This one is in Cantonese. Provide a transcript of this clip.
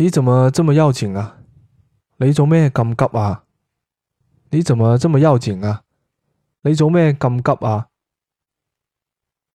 你怎麼這麼要緊啊？你做咩咁急啊？你怎麼這麼要緊啊？你做咩咁急啊？